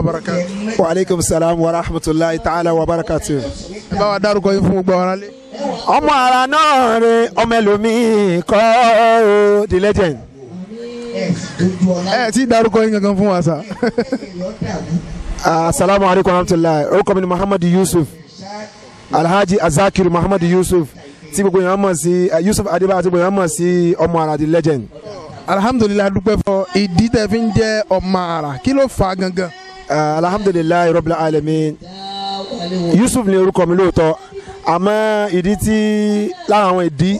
wa barakatu. salaam wa rahmatulahi ta'ala wa barakatu. ẹ bá wa dárúkọ yín fún gbogbo àwọn alẹ́. ọmọ ara náà rẹ ọmọ ẹlòmíì kọ́ the legend. ẹ ti dárúkọ yín gangan fún wa sa. asalaamu rahmatulahi orúkọ mi ni muhammadu yusuf alhaji azakir muhammadu yusuf tí gbogbo yẹn mọ̀ sí eh, yusuf adébáyé àti gbogbo yẹn mọ̀ sí ọmọ ara the legend alhamdulilayi dúpẹ́ fọ ìdí tẹ́ fi ń jẹ́ ọmọ ara kí ló fà gangan alhamdulilayi rabbil alamin yusuf ni orúkọ mi lóòótọ́ àmọ́ ìdí tí lára àwọn ìdí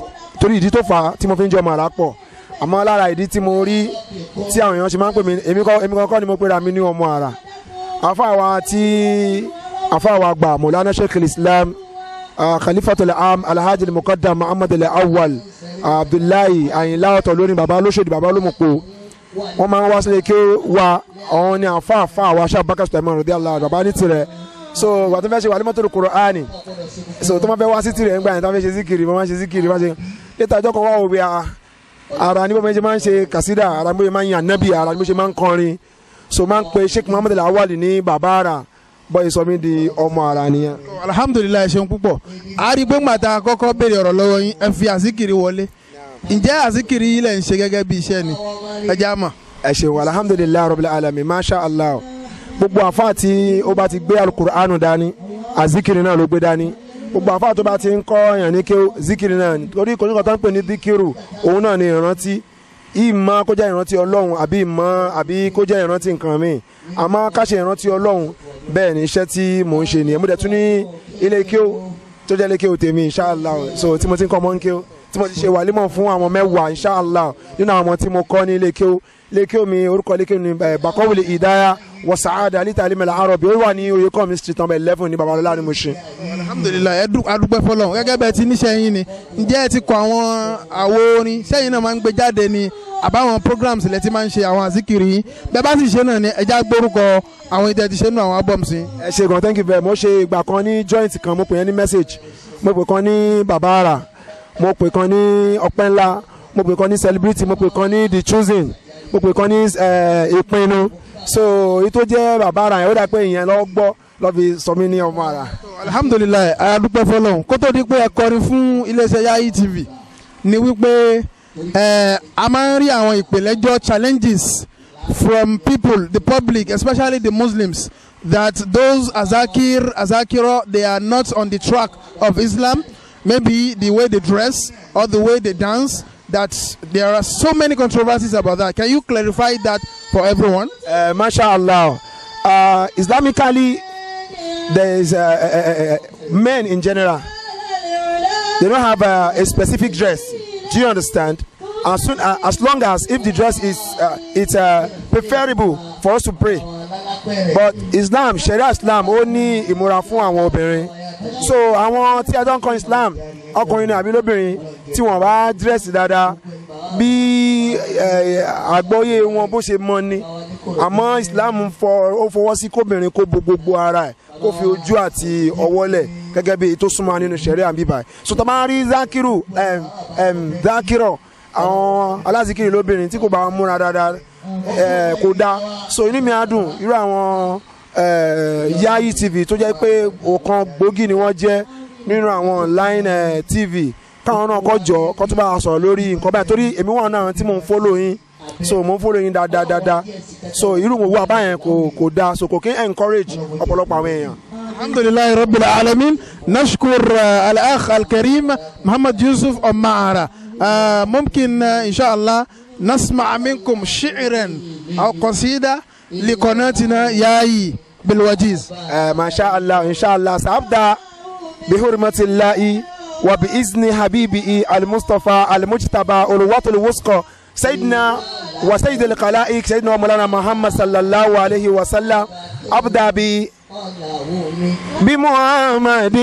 torí ìdí tó fà á tí mo fi ń jọmọ àrà pọ̀ àmọ́ lára ìdí tí mo rí tí àwọn èèyàn ṣe máa ń pè mí èmi kọ́ èmi kọ́kọ́ ni mo pera mi ní ọmọ àrà àfàwà tí àfàwà gbà mọ̀lánà sheikh islam khalifatul am alhaji muqaddam muhammad awwal abdullahi ayinla ọ̀tọ̀ lórí baba olóṣèlú baba olómùpọ̀ wọ́n máa ń wá sílé kí wa àwọn ni àfa àfa àwọn aṣáà bákà sùtàmù rẹ̀ díàlá bàbá ní tirẹ̀ so wà tó fẹ́ ṣe wà ní mọ́tò Kùránì so tó máa fẹ́ wá sí tirẹ̀ ńgbà yẹn tó fẹ́ ṣe síkìrì wọ́n ṣe síkìrì wọ́n ṣe létà ọjọ́ kan wá òwe ara ní bọ́mọ ṣe máa ń ṣe kàsídà ara ní bọ́mọ máa ń yàn nábì ara ní bọ́mọ ṣe máa ń kọrin so máa ń pe Sheikh Muhammad Lawal ní bàbá ara bọ́ ìsọ mi di ọmọ ara nìyẹn. alhamdulilayi ṣeun púpọ̀ àrígbóngbàtà kọ́kọ́ béèrè ọ̀rọ̀ lọ́wọ́ yín ẹ fi àsíkiri wọlé ǹjẹ́ àsìkiri yìí lẹ̀ ń ṣe gẹ́gẹ́ bí iṣẹ́ ni ẹ já mọ̀. ẹ ṣeun alhamdulilayi rabil alamin masha allah gbogbo àfa tí o bá ti gbé alukur'anu dání àzikiri náà ló gbé dání gbogbo àfa tó bá ti ń kọ́ yàn ní kí zikiri náà torí kò ní kò tó ń pè ní zikiru òun náà ni ìrántí ìmọ̀ kó jẹ́ ìrántí ọlọ́run àbí ìmọ̀ àbí kó jẹ́ ìrántí nǹkan mi àmọ́ ká ṣe ìrántí ọlọ́run bẹ́ẹ̀ ni iṣẹ́ tí mò ń ṣe nìyẹn mo dẹ̀ tún ní ilé kí ó tó jẹ́ ilé kí ó tèmi inshallah so tí mo ti ń kọ́ mọ́ ń kí ó tí mo ti ṣe wàlímọ̀ fún àwọn mẹ́wàá inṣàlá nínú àwọn tí mo kọ́ ní iléekéw iléekéw mi orúkọ iléekéw mi eh, Bakawuli Idaya wasaada alita alimẹla arọbi ó wà ní oyè kọ́mi street number eleven ní babalọla ni mo ṣe. alhamdulilayi adúpẹ́ fọlọ́run gẹ́gẹ́ bẹ́ẹ̀ ti níṣẹ́ yín ni ǹjẹ́ ẹ ti kọ àwọn àwo orin sẹ́yìn náà máa ń gbé jáde ni àbáwọn programs lẹ ti máa ń ṣe àwọn àzíkiri yín bẹ́ẹ̀ bá sì ṣe náà ni ẹja gbórúkọ àwọn ìdẹ ti ṣe nínú àwọn albums yín. ẹ ṣe gan thank you very much mo ṣe ìgbà kan ní joint kan mo pè é ní message mo pè kan ní babara mo pè kan ní ọpẹ́ ńlá mo pè kan ní celebrity mo pè kan ní the choosing mo pè kan ní eh, ìpinnu so èyí tó jẹ́ bàbá ara yẹn ó dà pé ìyẹn lọ gbọ́ lọ fi sọ mí ní ọmọ ara. alhamdulilayi adúpẹ́ fọlọ́run kó tó di pé ẹ kọrin fún iléeṣẹ́ Yayi TV ni wípé ẹ eh, a máa ń rí àwọn ìpèlẹ́jọ́ challenges from people the public especially the Muslims that those azakir azakiro they are not on the track of Islam. maybe the way they dress or the way they dance that there are so many controversies about that can you clarify that for everyone uh, mashallah uh, islamically there is uh, uh, uh, uh, uh men in general they don't have a specific dress do you understand as soon as, as long as if the dress is it's preferable for us to pray but Islam Sharia Islam ó ní ìmúra fún àwọn obìnrin so àwọn tí a jọ ń kọ́ Islam ọkùnrin ni àbí lóbìnrin tí wọ́n bá dírẹ́sì dáadáa bí eh, àgbọ́yé wọn bó ṣe mọ ni àmọ́ Islam ó fọwọ́ sí kóbìnrin kó bo gbogbo ara ẹ̀ kó fi ojú àti ọwọ́ lẹ̀ gẹ́gẹ́ bí ètò súnmọ́ nínú Sharia àbí báyìí so tó bá rí zakiru zakiro àwọn alázìkiri lóbìnrin tí kò bá wọn múra dáadáa kò dáa so inú mi á dùn irú àwọn Yayi TV tó jẹ́ pé ọ̀kan gbòógì ni wọ́n jẹ́ nínú àwọn online TV káwọn náà kọ́ jọ kó tó bá a sọ̀rọ̀ lórí nǹkan báyìí torí èmi wà náà tí mò ń fọ́lọ̀ yín so mo ń fọ́lọ̀ yín dáadáa dáadáa so irú wo wà báyẹn kò kò dáa so kò kí encourage ọ̀pọ̀lọpọ̀ àwọn èèyàn. alhamdulilayi rabbil alamin nashkur eh, al-akh al-karim muhammad yusuf omara. آه، ممكن آه، إن شاء الله نسمع منكم شعرا أو قصيدة لقناتنا ياي بالوجيز آه، ما شاء الله إن شاء الله سأبدأ بحرمة الله وبإذن حبيبي المصطفى المجتبى الوطن الوسطى سيدنا وسيد القلائق سيدنا مولانا محمد صلى الله عليه وسلم أبدأ بمحمد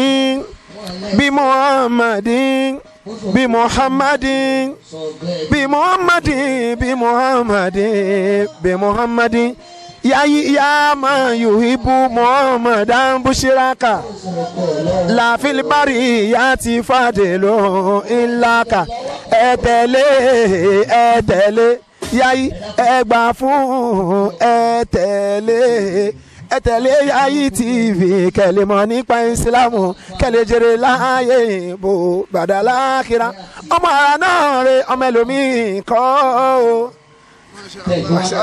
bí muhammadin bí muhammadin bí muhammadin bí muhammadin bí muhammadin yayi yaama yuhibu muhammadan bushiraka laafin bari yaati fadelo ilaka ẹ tẹ̀lé ẹ tẹ̀lé yayi ẹ gbà ẹ tẹ̀lé Yayi TV kẹ̀lé mọ̀ nípa ìsìlámù kẹ̀lé jèrè láàyè ìbò gbàdálà kíra ọmọ ara náà rè ọmọ ẹlòmíì kọ́ o.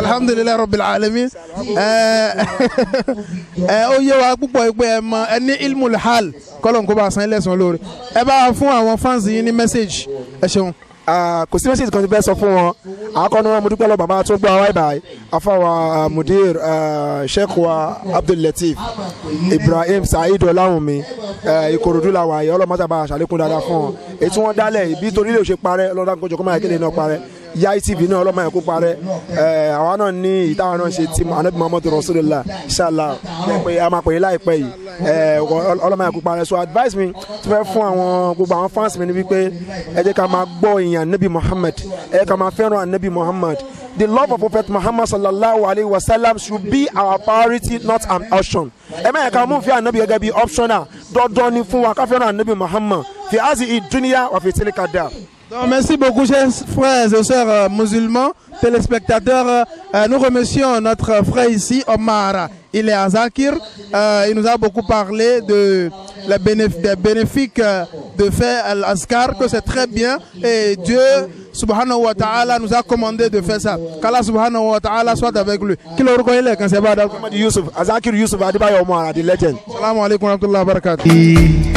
alhamdulilayi rabbil alamin ẹ ó yé wa púpọ̀ pé ẹ mọ ẹ ní ilmul hal kọ́lọ́n kó bá a san ẹlẹ́sàn lóore ẹ bá a fún àwọn fans yín ní mẹ́sẹ̀gì ẹ ṣeun. kò sí mẹ́sẹ̀gì kan tí bẹ́ẹ̀ sọ fún wọn akọni wa mudu baba tó gbọ́ awa ibà afa wa uh, mudir uh, sheikh wa abdullateef ibrahim saheed ọláwùnmi uh, Ikorodu la wà yìí ọlọmọtàbà àṣàlékún dáadáa fún ọ ètò wọn dálẹ̀ ibi torí lè ṣe parẹ́ ọlọ́dà kọjọ ayékélé náà parẹ́ yai tv náà ọlọ́mọ ẹ̀kú parẹ́ àwa náà ní ìtawà náà ṣe ti anabi muhammadu rasulillah inshallah ẹ pé a máa pè é láìpẹ́ yìí. Eh, ọlọ́mọ àkópa rẹ̀ so advice mi ti fẹ́ fún àwọn gbogbo àwọn fans mi ni wípé ẹ jẹ́ ká máa gbọ́ ìyìn anabi muhammad ẹ jẹ́ ká máa fẹ́ràn anabi muhammad the love of prophet muhammad sallallahu alayhi wa sallam should be our priority not an option ẹ mẹ́rin ká mú fi anabi gẹ́gẹ́ bí optional dandan ni fún wa ká fẹ́ràn anabi muhammad fi azi ìdúnìyà wà fi tílíkà dáa. Donc, merci beaucoup, chers frères et sœurs euh, musulmans, téléspectateurs. Euh, euh, nous remercions notre frère ici, Omar. Il est à Zakir. il nous a beaucoup parlé de la bénéf des bénéfiques de faire à que c'est très bien. Et Dieu, subhanahu wa ta'ala, nous a commandé de faire ça. Qu'Allah subhanahu wa ta'ala soit avec lui. Salam wa